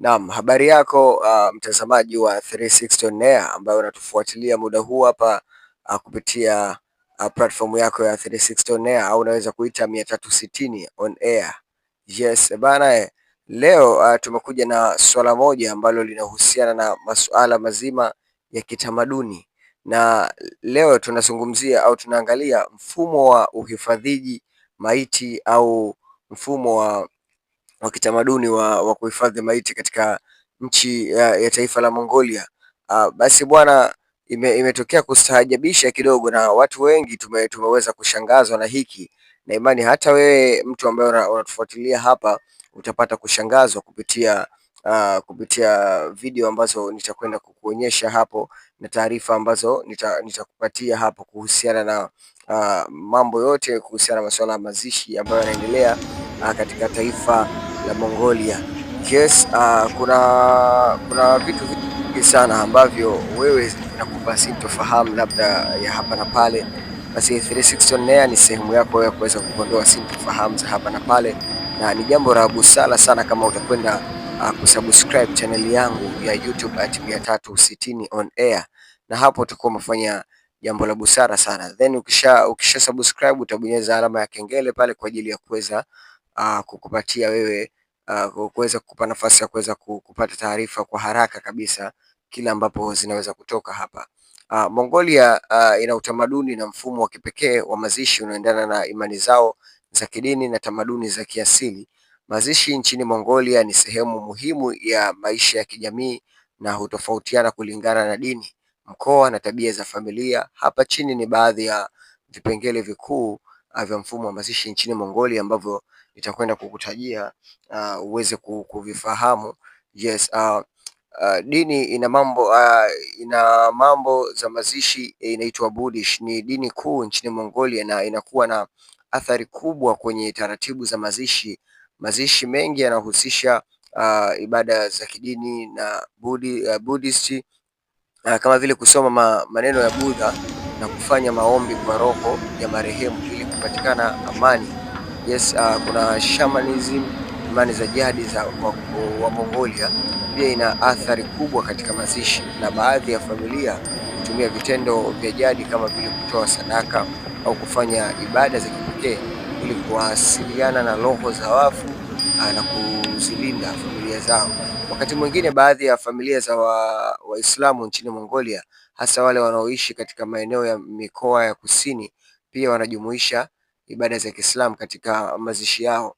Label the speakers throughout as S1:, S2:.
S1: Naam, habari yako uh, mtazamaji wa 360 on air ambayo unatufuatilia muda huu hapa uh, kupitia uh, platform yako ya 360 on air au unaweza kuita 360 on air. Yes, bana eh, leo uh, tumekuja na swala moja ambalo linahusiana na masuala mazima ya kitamaduni na leo tunazungumzia au tunaangalia mfumo wa uhifadhiji maiti au mfumo wa wa kitamaduni wa, wa kuhifadhi maiti katika nchi ya, ya taifa la Mongolia. Uh, basi bwana ime, imetokea kustaajabisha kidogo na watu wengi tume, tumeweza kushangazwa na hiki na imani hata wewe mtu ambaye unatufuatilia hapa utapata kushangazwa kupitia uh, kupitia video ambazo nitakwenda kukuonyesha hapo na taarifa ambazo nitakupatia nita hapo kuhusiana na uh, mambo yote kuhusiana na masuala ya mazishi ambayo yanaendelea uh, katika taifa la Mongolia. Yes, uh, kuna kuna vitu vingi sana ambavyo wewe vinakupa sintofahamu labda ya hapa na pale. Basi 360 On Air ni sehemu yako ya kuweza kuondoa sintofahamu za hapa na pale, na ni jambo la busara sana kama utakwenda uh, kusubscribe channel yangu ya YouTube at 360 On Air, na hapo utakuwa umefanya jambo la busara sana. Then ukisha ukisha subscribe utabonyeza alama ya kengele pale kwa ajili ya kuweza uh, kukupatia wewe uh, kuweza kukupa nafasi ya kuweza kupata taarifa kwa haraka kabisa kila ambapo zinaweza kutoka hapa. Uh, Mongolia uh, ina utamaduni na mfumo wa kipekee wa mazishi unaoendana na imani zao za kidini na tamaduni za kiasili. Mazishi nchini Mongolia ni sehemu muhimu ya maisha ya kijamii na hutofautiana kulingana na dini, mkoa na tabia za familia. Hapa chini ni baadhi ya vipengele vikuu Uh, vya mfumo wa mazishi nchini Mongolia ambavyo nitakwenda kukutajia uh, uweze kuvifahamu. Yes, uh, uh, dini ina mambo uh, ina mambo za mazishi e, inaitwa Buddhist, ni dini kuu nchini Mongolia na inakuwa na athari kubwa kwenye taratibu za mazishi. Mazishi mengi yanahusisha uh, ibada za kidini na budi, uh, Buddhist uh, kama vile kusoma ma, maneno ya Buddha na kufanya maombi kwa roho ya marehemu kupatikana amani. Yes, uh, kuna shamanism, imani za jadi za wa, wa Mongolia pia ina athari kubwa katika mazishi, na baadhi ya familia hutumia vitendo vya jadi kama vile kutoa sadaka au kufanya ibada za kipekee ili kuwasiliana na roho za wafu uh, na kuzilinda familia zao. Wakati mwingine baadhi ya familia za Waislamu wa nchini Mongolia, hasa wale wanaoishi katika maeneo ya mikoa ya kusini pia wanajumuisha ibada za Kiislamu katika mazishi yao.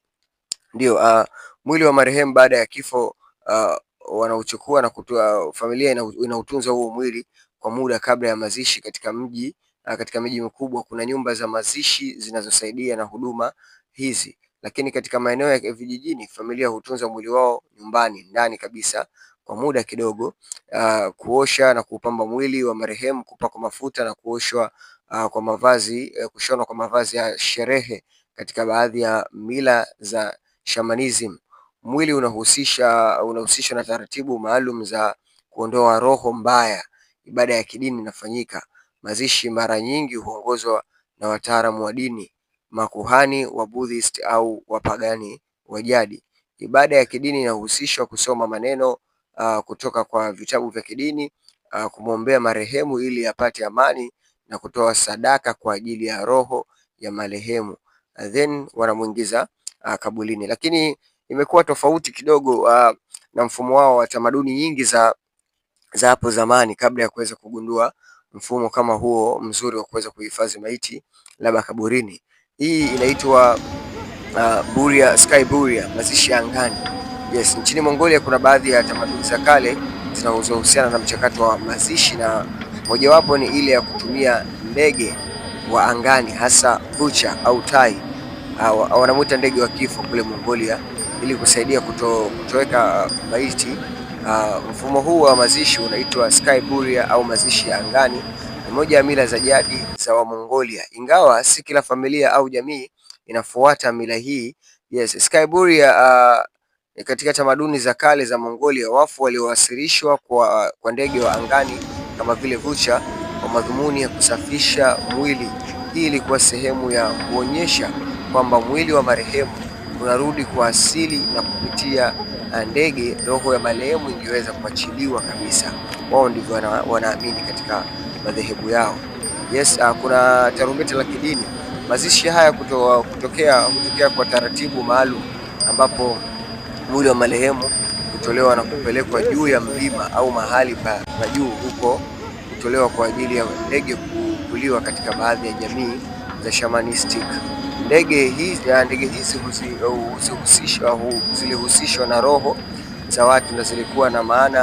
S1: Ndio, uh, mwili wa marehemu baada ya kifo uh, wanauchukua na kutoa, familia inautunza huo mwili kwa muda kabla ya mazishi katika mji uh, katika miji mikubwa kuna nyumba za mazishi zinazosaidia na huduma hizi, lakini katika maeneo ya vijijini familia hutunza mwili wao nyumbani ndani kabisa kwa muda kidogo, uh, kuosha na kuupamba mwili wa marehemu, kupakwa mafuta na kuoshwa uh, kwa mavazi uh, kushonwa kwa mavazi ya sherehe katika baadhi ya mila za shamanism. Mwili unahusisha unahusishwa na taratibu maalum za kuondoa roho mbaya. Ibada ya kidini inafanyika. Mazishi mara nyingi huongozwa na wataalamu wa dini, makuhani wa Buddhist au wapagani wa jadi. Ibada ya kidini inahusishwa kusoma maneno uh, kutoka kwa vitabu vya kidini uh, kumwombea marehemu ili apate amani na kutoa sadaka kwa ajili ya roho ya marehemu, then uh, ah, kaburini. Lakini imekuwa tofauti kidogo uh, na mfumo wao wa tamaduni nyingi za za hapo zamani kabla ya kuweza kugundua mfumo kama huo mzuri wa kuweza kuhifadhi maiti labda kaburini. Hii inaitwa uh, buria, sky buria, mazishi ya angani. Yes, nchini Mongolia kuna baadhi ya tamaduni za kale zinazohusiana na mchakato wa mazishi na Mojawapo ni ile ya kutumia ndege wa angani hasa vucha au tai, wanamwita ndege wa kifo kule Mongolia, ili kusaidia kuto, kutoweka maiti. Uh, mfumo huu wa mazishi unaitwa sky burial au mazishi ya angani. Ni moja ya mila za jadi za Wamongolia, ingawa si kila familia au jamii inafuata mila hii. Yes, sky burial uh, katika tamaduni za kale za Mongolia, wafu waliowasilishwa kwa, kwa ndege wa angani kama vile VUCHA kwa madhumuni ya kusafisha mwili. Hii ilikuwa sehemu ya kuonyesha kwamba mwili wa marehemu unarudi kwa asili na kupitia uh, ndege roho ya marehemu ingeweza kuachiliwa kabisa. Wao ndivyo wanaamini katika madhehebu yao. Yes, uh, kuna tarumbeta la kidini. Mazishi haya kuto, kutokea hutokea kwa taratibu maalum ambapo mwili wa marehemu kutolewa na kupelekwa juu ya mlima au mahali pa, pa juu huko kutolewa kwa ajili ya ndege kuliwa katika baadhi ya jamii za shamanistic. Ndege hizi ndege hizi zilihusishwa na roho za watu na zilikuwa na maana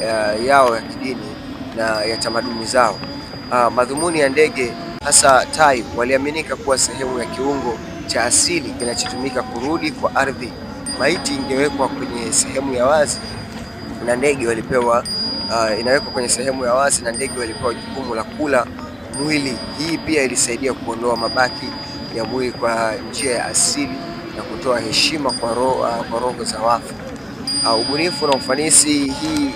S1: ya, eh, yao ya kidini na ya tamaduni zao. Ah, madhumuni ya ndege hasa tai waliaminika kuwa sehemu ya kiungo cha asili kinachotumika kurudi kwa ardhi maiti ingewekwa kwenye sehemu ya wazi na ndege walipewa uh, inawekwa kwenye sehemu ya wazi na ndege walipewa jukumu la kula mwili. Hii pia ilisaidia kuondoa mabaki ya mwili kwa njia ya asili na kutoa heshima kwa roho, uh, kwa roho za wafu. Uh, ubunifu na ufanisi hii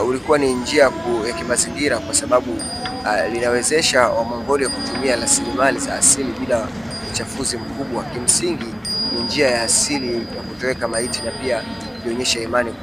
S1: uh, ulikuwa ni njia ya kimazingira kwa sababu uh, linawezesha Wamongolia kutumia rasilimali za asili bila uchafuzi mkubwa. Kimsingi ni njia ya asili ya kutoweka maiti na pia kuonyesha imani uh,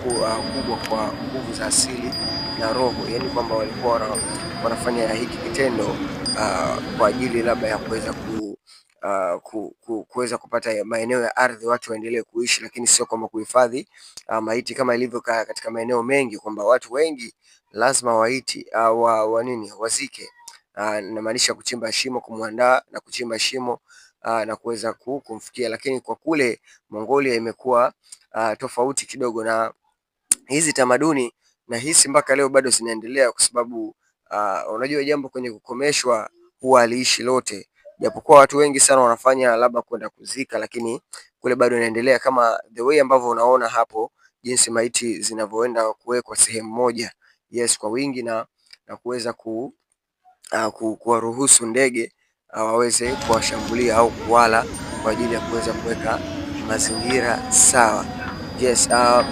S1: kubwa kwa nguvu za asili na roho, yaani kwamba walikuwa wanafanya hiki kitendo uh, kwa ajili labda ya kuweza ku, uh, ku, ku, kuweza kupata maeneo ya ardhi watu waendelee kuishi, lakini sio kwamba kuhifadhi uh, maiti kama ilivyo katika maeneo mengi kwamba watu wengi lazima waiti uh, wa, wa nini wazike. Uh, inamaanisha kuchimba shimo, kumwandaa na kuchimba shimo Ah, na kuweza kumfikia, lakini kwa kule Mongolia imekuwa ah, tofauti kidogo, na hizi tamaduni na hisi mpaka leo bado zinaendelea kwa sababu ah, unajua jambo kwenye kukomeshwa huwa aliishi lote, japokuwa watu wengi sana wanafanya labda kwenda kuzika, lakini kule bado inaendelea kama the way ambavyo unaona hapo jinsi maiti zinavyoenda kuwekwa sehemu moja, yes, kwa wingi na na kuweza ku, uh, kuwaruhusu ndege waweze kuwashambulia au kuwala kwa ajili ya kuweza kuweka mazingira sawa. Yes, uh,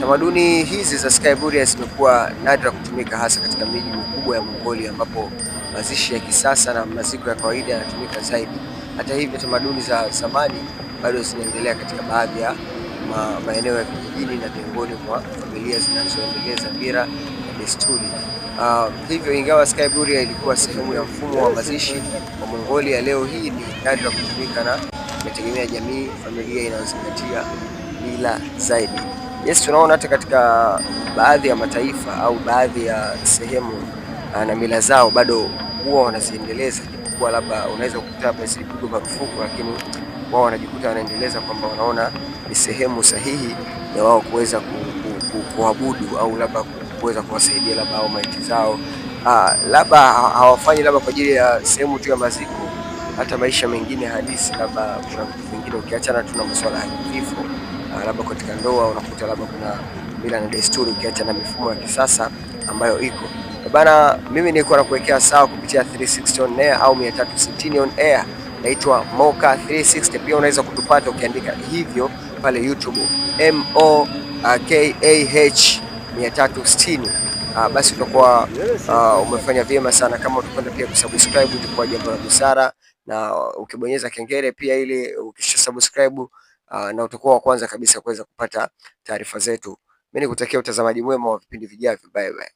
S1: tamaduni hizi za Sky zimekuwa nadra kutumika hasa katika miji mikubwa ya Mongolia ambapo mazishi ya kisasa na maziko ya kawaida yanatumika zaidi. Hata hivyo, tamaduni za zamani bado zinaendelea katika baadhi ya ma, maeneo ya vijijini na miongoni mwa familia zinazoendeleza mila na desturi. Uh, hivyo ingawa Sky Bluria ilikuwa sehemu ya mfumo wa mazishi wa Mongolia, leo hii ni nadra kutumika na inategemea jamii, familia inayozingatia mila zaidi. Yes, tunaona hata katika baadhi ya mataifa au baadhi ya sehemu ah, na mila zao bado huwa wanaziendeleza, japokuwa labda unaweza kukuta pesa ipigwe marufuku, lakini wao wanajikuta wanaendeleza kwamba wanaona ni sehemu sahihi ya wao kuweza kuabudu au labda kuweza kuwasaidia labda au maiti zao, ah, labda hawafanyi labda kwa ajili ya sehemu tu ya maziko, hata maisha mengine halisi, labda kuna vitu vingine ukiachana tu na masuala ya vifo, ah, labda katika ndoa unakuta labda kuna mila na desturi, ukiacha na mifumo ya kisasa ambayo iko bana. Mimi niko na kuwekea sawa kupitia 360 on air au 360 on air, naitwa Moka 360. Pia unaweza kutupata ukiandika hivyo pale YouTube M O K A H 360 uh, ah, basi utakuwa uh, umefanya vyema sana. Kama utakwenda pia kusubscribe itakuwa jambo la busara, na ukibonyeza kengele pia ili ukisha subscribe uh, na utakuwa wa kwanza kabisa kuweza kupata taarifa zetu. Mimi nikutakia utazamaji mwema wa vipindi vijavyo. Bye bye.